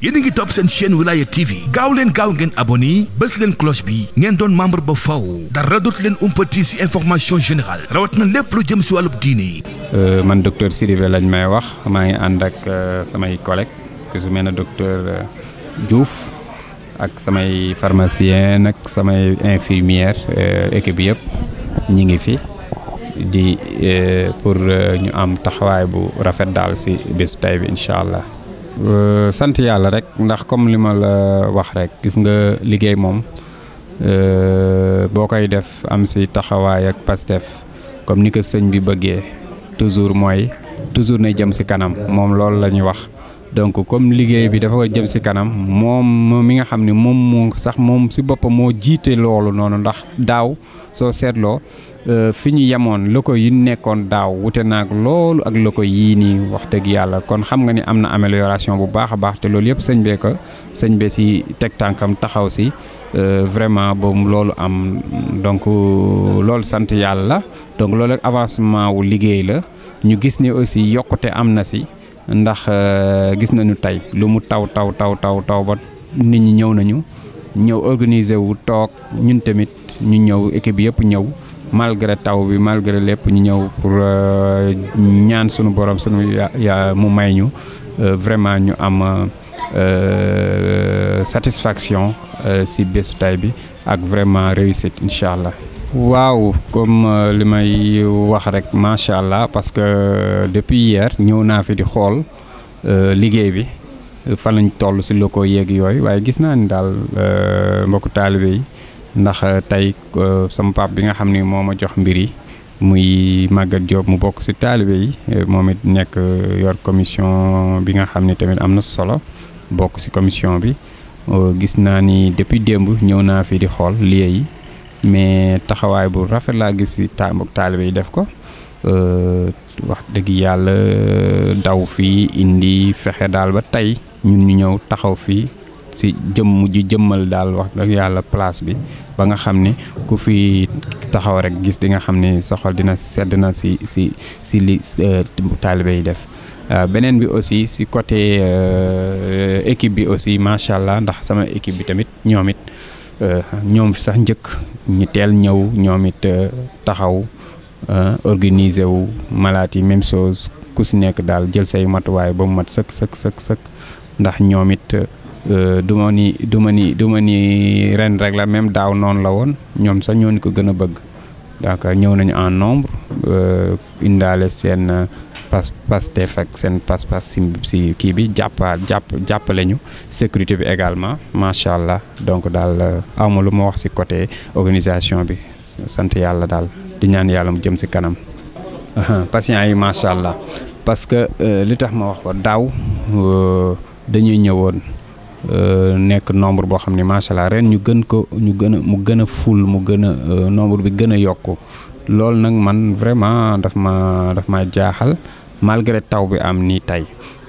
yéen a ngi topp seen chaîne Wilaya TV gaaw leen gaaw ngeen abonné bés leen cloche bi ngeen doon membre ba faw dara dootu leen umpati ci information général rawat na lépp lu jëm ci wàllu diini. Euh, man docteur Sidibé lañ may wax maa ngi ànd ak euh, samay collègues que su mel ne docteur euh, Diouf ak samay pharmacien ak samay infirmière équipe bi yëpp ñi ngi fi di pour ñu am taxawaay bu rafet daal ci bésu tey bi incha allah. Euh, sant yàlla rek ndax comme li ma la wax rek gis nga liggéey moom euh, boo koy def am si taxawaay ak Pastef comme ni ko sëñ bi bëggee toujours mooy toujours na jëm si kanam moom loolu la ñuy wax donc comme liggéey bi dafa jëm si kanam moom mi nga xam ne moom moo sax moom si boppam moo jiite loolu noonu ndax daaw soo seetloo euh, fi ñu yemoon ko yi nekkoon daaw wute naag loolu ak ko yii nii wax dëgg yàlla kon xam nga ni am na amélioration bu baax a baax te loolu yëpp sëñ bee ko sëñ bee si teg tànkam taxaw si euh, vraiment ba loolu am donc loolu sant yàlla donc loolu ak avancement wu liggéey la ñu gis ni aussi yokkute am na si. ndax euh, gis nañu tey lu mu taw taw taw taw taw ba nit ñi ñëw nañu ñëw organiser wu toog ñun tamit ñu ñëw équipe yëpp ñëw malgré taw bi malgré lépp ñu ñëw pour euh, ñaan sunu borom sunu ya mu may ñu euh, vraiment ñu am satisfaction si bésu tay bi ak vraiment réussite incha allah. waaw comme euh, li may wax rek macha allah parce que euh, depuis hier ñëw naa fi di xool euh, liggéey bi fan lañ toll si ko yeeg yooyu waaye gis naa ni daal mbokku taalibe yi ndax tey sama pap bi nga xam ni moo ma jox mbir yi muy màggat Diop mu bokk si taalibe yi moom it nekk yor commission bi nga xam ni tamit am na solo bokk si commission bi gis naa ni depuis démb ñëw naa fi di xool liggéey yi. mais taxawaay bu rafet laa gis si taambok taalibe yi def ko euh, wax dëgg yàlla daw fii indi fexe daal ba tey ñun ñu ñëw taxaw fii si jëmm ji jëmmal daal wax dëgg yàlla place bi ba nga xam ni ku fi taxaw rek gis di nga xam ne sa dina sedd na si si si li euh, taalibe yi def euh, beneen bi aussi si côté équipe bi aussi macha allah ndax sama équipe bi tamit ñoom it Euh, ñoom fi sax njëkk ñu teel ñëw ñoom it euh, taxaw euh, organiser wu malaat yi même chose ku si nekk daal jël say matuwaay ba mu mat sëkk sëkk sëkk sëkk ndax ñoom it du ma ni du ma ni du ma ni ren rek la même daaw noonu la woon ñoom sax ñoo ni ko gën a bëgg. donc ñëw nañu en nombre euh, indaale seen euh, pas Pastef ak seen pas-pas si si kii bi jàppa jàpp jàppale ñu sécurité bi également macha allah donc daal euh, awma lu ma wax si côté organisation bi sant yàlla daal di ñaan yàlla mu jëm si kanam patients yi macha allah parce que li tax ma wax ko daaw dañuy ñëwoon. Euh, nekk nombre boo xam ni macha allah ren ñu gën ko ñu gën a mu gën a ful mu gën a euh, nombre bi gën a yokku loolu nag man vraiment dafa ma dafa ma jaaxal malgré taw bi am ni tey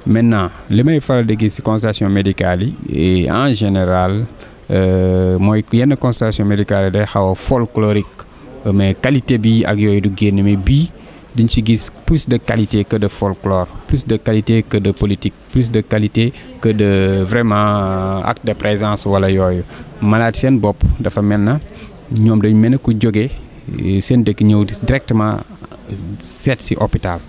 maintenant li may faral di gis ci consultation médicale yi en général euh, mooy yenn consultation médicale yi day xaw a folklorique mais qualité bi ak yooyu du génn mais bii. dañ ci gis plus de qualité que de folklore plus de qualité que de politique plus de qualité que de vraiment euh, acte de présence wala yooyu malade seen bopp dafa mel na ñoom dañ mel ne ku jóge euh, seen dëkk ñëw directement euh, seet ci hôpital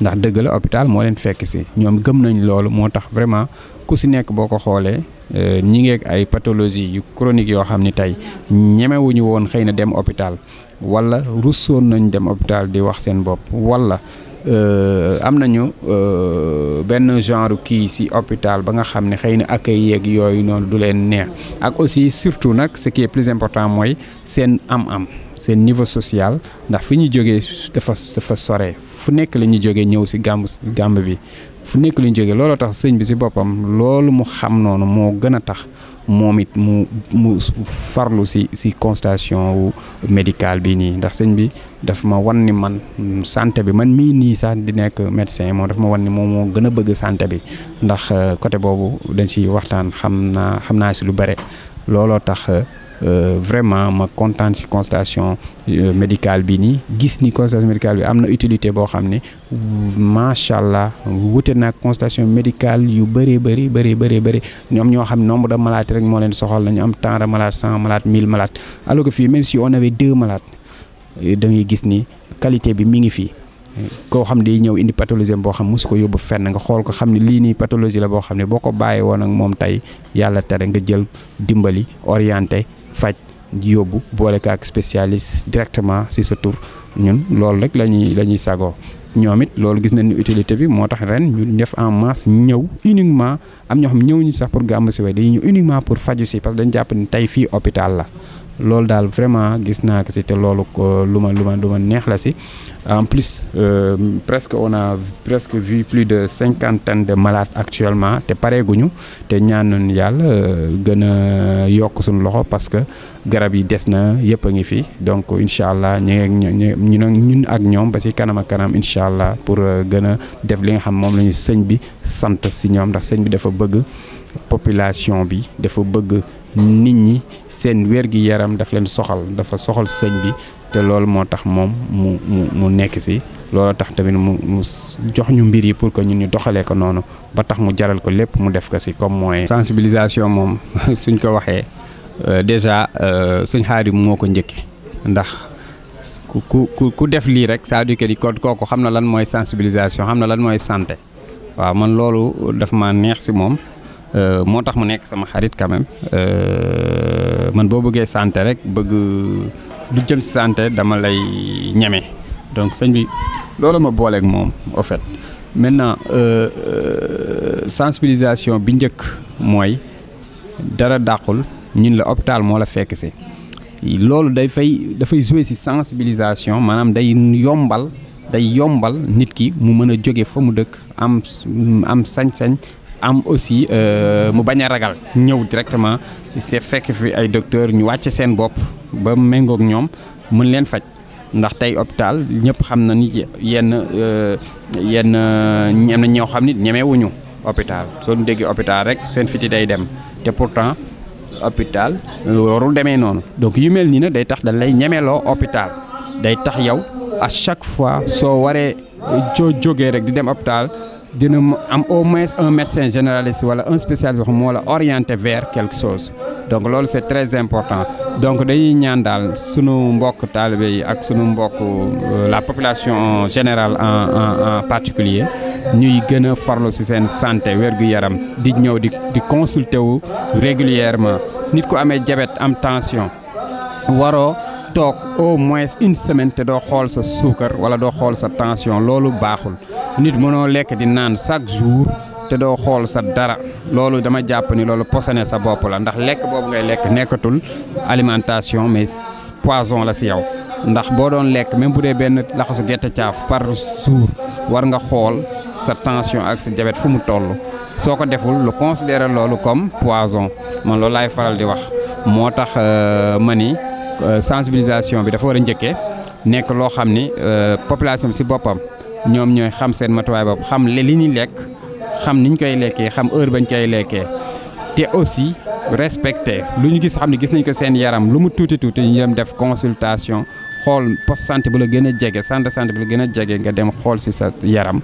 ndax dëgg la hôpital moo leen fekk si ñoom gëm nañu loolu moo tax vraiment ku si nekk boo ko xoolee euh, ñi ngeeg ay pathologie yu chronique yoo xam ni tey ñemewuñu woon xëy na dem hôpital wala russoon nañ dem hôpital di wax seen bopp wala euh, am nañu euh, benn genre kii si hôpital ba nga xam ne xëy na accueil yeeg yooyu noonu du leen neex ak aussi surtout nag ce qui est plus important mooy seen am-am seen niveau social ndax fi ñu jógee dafa dafa sore fu nekk la ñuy jógee ñëw si gàmb gàmb bi fu nekk la jóge jógee looloo tax sëñ bi si boppam loolu mu xam noonu moo gën a tax moom it mu mu farlu si si constatation wu médical bi nii ndax sëñ bi daf ma wan ni man santé bi man mii nii sax di nekk médecin moom daf ma wan ni moom moo gën a bëgg santé bi ndax euh, côté boobu dañ si waxtaan xam naa xam naa si lu bare looloo tax. Euh, Euh, vraiment ma kontaan si constatation euh, médical bi nii gis ni constatation médicale bi am na utilité boo xam ne macha allah wute naag constation médicale yu bëree bëri bëri bëri bëri ñoom ñoo xam nombre de malaat rek moo leen soxal la ñu am tant de malades cent malades mille malades alors que fii même si on avait deux malades euh, da ngay gis ni qualité bi mi ngi fii koo xam day ñëw indi pathologie boo xam mu su ko yóbbu fenn nga xool ko xam ne lii nii pathologie la boo xam ne boo ko woon ak moom tey yàlla tere nga jël dimbali orienté faj yóbbu boole ko ak spécialiste directement si sa tour ñun loolu rek la ñuy la ñuy sagoo ñoom it loolu gis nañ ni utilité bi moo tax ren ñu def en masse ñëw uniquement am ñoo xam ñëw ñu sax pour gàmm si way dañuy ñëw uniquement pour faju si parce que dañ jàpp ni tey fii hôpital la loolu daal vraiment gis naa ko si te loolu lu ma lu ma lu neex la si en plus euh, presque on a presque vie plus de cinquantaine de malaat actuellement te pareeguñu te ñaanoon yàlla euh, gën a yokk suñu loxo parce que garab yi des na yëpp a ngi fi donc incha allah ñu ngi ñun ak ñoom ba si kanam kanam incha allah pour euh, gën a def li nga xam moom lañu sëñ bi sant si ñoom ndax sëñ bi dafa bëgg population bi dafa bëgg. nit ñi seen wér-gi-yaram daf leen soxal dafa soxal sëñ bi te loolu moo tax moom mu mu nekk si loolu tax tamit mu mu jox ñu mbir yi pour que ñun ñu doxalee ko noonu ba tax mu jaral ko lépp mu def ko si comme moyen. sensibilisation moom suñ ko waxee euh, déjà euh, suñ xaari moo ko njëkkee ndax ku ku ku def lii rek cest à ko kooku xam na lan mooy sensibilisation xam na lan mooy sante waaw man loolu dafa ma neex si moom. Euh, moo tax mu nekk sama xarit quand même euh, man boo bëggee sante rek bëgg du jëm si dama lay ñeme donc sëñ bi loolu ma booleeg moom au fait maintenant euh, sensibilisation bi njëkk mooy dara dàqul ñun la hôpital moo la fekk si loolu day fay dafay jouer si sensibilisation maanaam day yombal day yombal nit ki mu mën a jóge fa mu dëkk am am sañ-sañ am aussi euh, mu bañ a ragal ñëw directement se fekk fi ay docteur ñu wàcc seen bopp ba méngoog ñoom mën leen faj ndax tey hôpital ñëpp xam na ni yenn euh, yenn ñem na ñoo xam ni ñemewuñu hôpital soo déggee hôpital rek seen fiti day dem te pourtant hôpital euh, warul demee noonu donc yu mel nii nag day tax dañ lay ñemeloo hôpital day tax yow à chaque fois soo waree joo jógee rek di dem hôpital dina am au moins un médecin généraliste wala un spécialiste wax moo la orienté vers quelque chose donc loolu c'est très important donc dañuy ñaan daal sunu mbokk taalibe yi ak sunu mbokk euh, la population général en particulier ñuy gën a farlu ci seen santé wér yaram di ñëw di di consulter wu régulièrement nit ku amee jabet am tension waroo. toog au moins une semaine te doo xool sa suukar wala doo xool sa tension loolu baaxul nit mënoo lekk di naan chaque jour te doo xool sa dara loolu dama jàpp ni loolu posone sa bopp la ndax lekk boobu ngay lekk nekkatul alimentation mais poison la si yow ndax boo doon lekk même bu dee benn laxasu gerte caaf par jour war nga xool sa tension ak sa jabet fu mu toll soo ko deful lu considéré loolu comme poison man loolu lay faral di wax moo tax euh, ma ni Euh, sensibilisation bi dafa war a njëkkee nekk loo xam ni euh, population bi si boppam ñoom ñooy xam seen matuwaay bopp xam li ñuy lekk xam niñ koy lekkee xam heure bañ koy lekkee te aussi respecté lu ñu gis xam ne gis nañ ko seen yaram lu mu tuuti tuuti ñu dem def consultation xool poste santé bu la gën a jege centre santé bu la gën a jege nga dem xool si sa yaram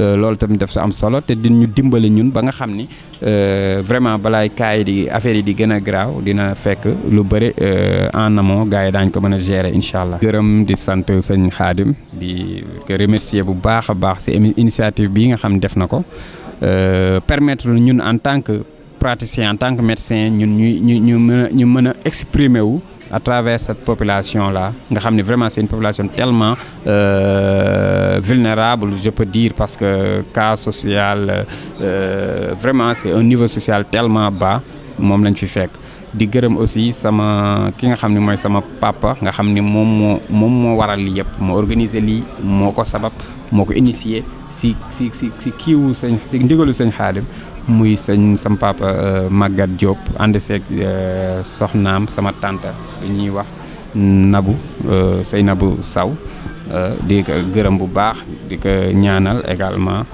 euh, loolu tamit def sa am solo te dina ñu dimbali ñun ba nga xam ni euh, vraiment balaay kaay di affaire yi di gën a graaw dina fekk lu bëri euh, en amont gars yi daañ ko mën a gérer incha allah. gërëm di sant sëñ Xaadim di remercier bu baax a baax si initiative bii nga xam def na ko permettre ñun en tant que praticien en tant que médecin ñun ñu ñu ñu mën a ñu mën a exprimer wu. à travers cette population-là, la nga xam vraiment c'est une population tellement euh, vulnérable, je peux dire, parce que cas social, euh, vraiment c'est un niveau social tellement bas, mom lañ fi fekk di gërëm aussi sama ki nga xam ne mooy sama papa nga xam ni moom moo moom moo waral lii yëpp moo organiser lii moo ko sabab moo ko initier si si si si kiiwu sëñ si ndigalu sëñ Xaadim muy sëñ sam papa euh, Maguette Diop ànd seeg euh, soxnaam sama tante bi ñuy wax Nabu euh, sëy Nabu Saw di ko gërëm bu baax di ko ñaanal également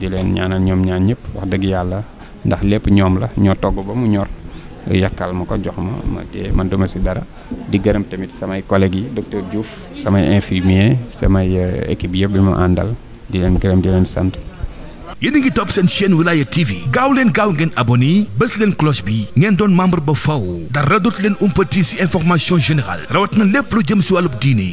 di leen ñaanal ñoom ñaan ñëpp wax dëgg yàlla ndax lépp ñoom la ñoo togg ba mu ñor yàkkal ma ko jox ma ma téye man duma si dara di gërëm tamit samay collègues yi docteur Diouf samay infirmier samay équipe yëpp bi mu àndal di leen gërëm di leen sant yéen a ngi topp seen chaîne Wilaya TV gaaw leen gaaw ngeen abonné bés leen cloche bi ngeen doon membre ba faw dara dootu leen umpati ci information général rawat na lépp lu jëm ci wàllu diini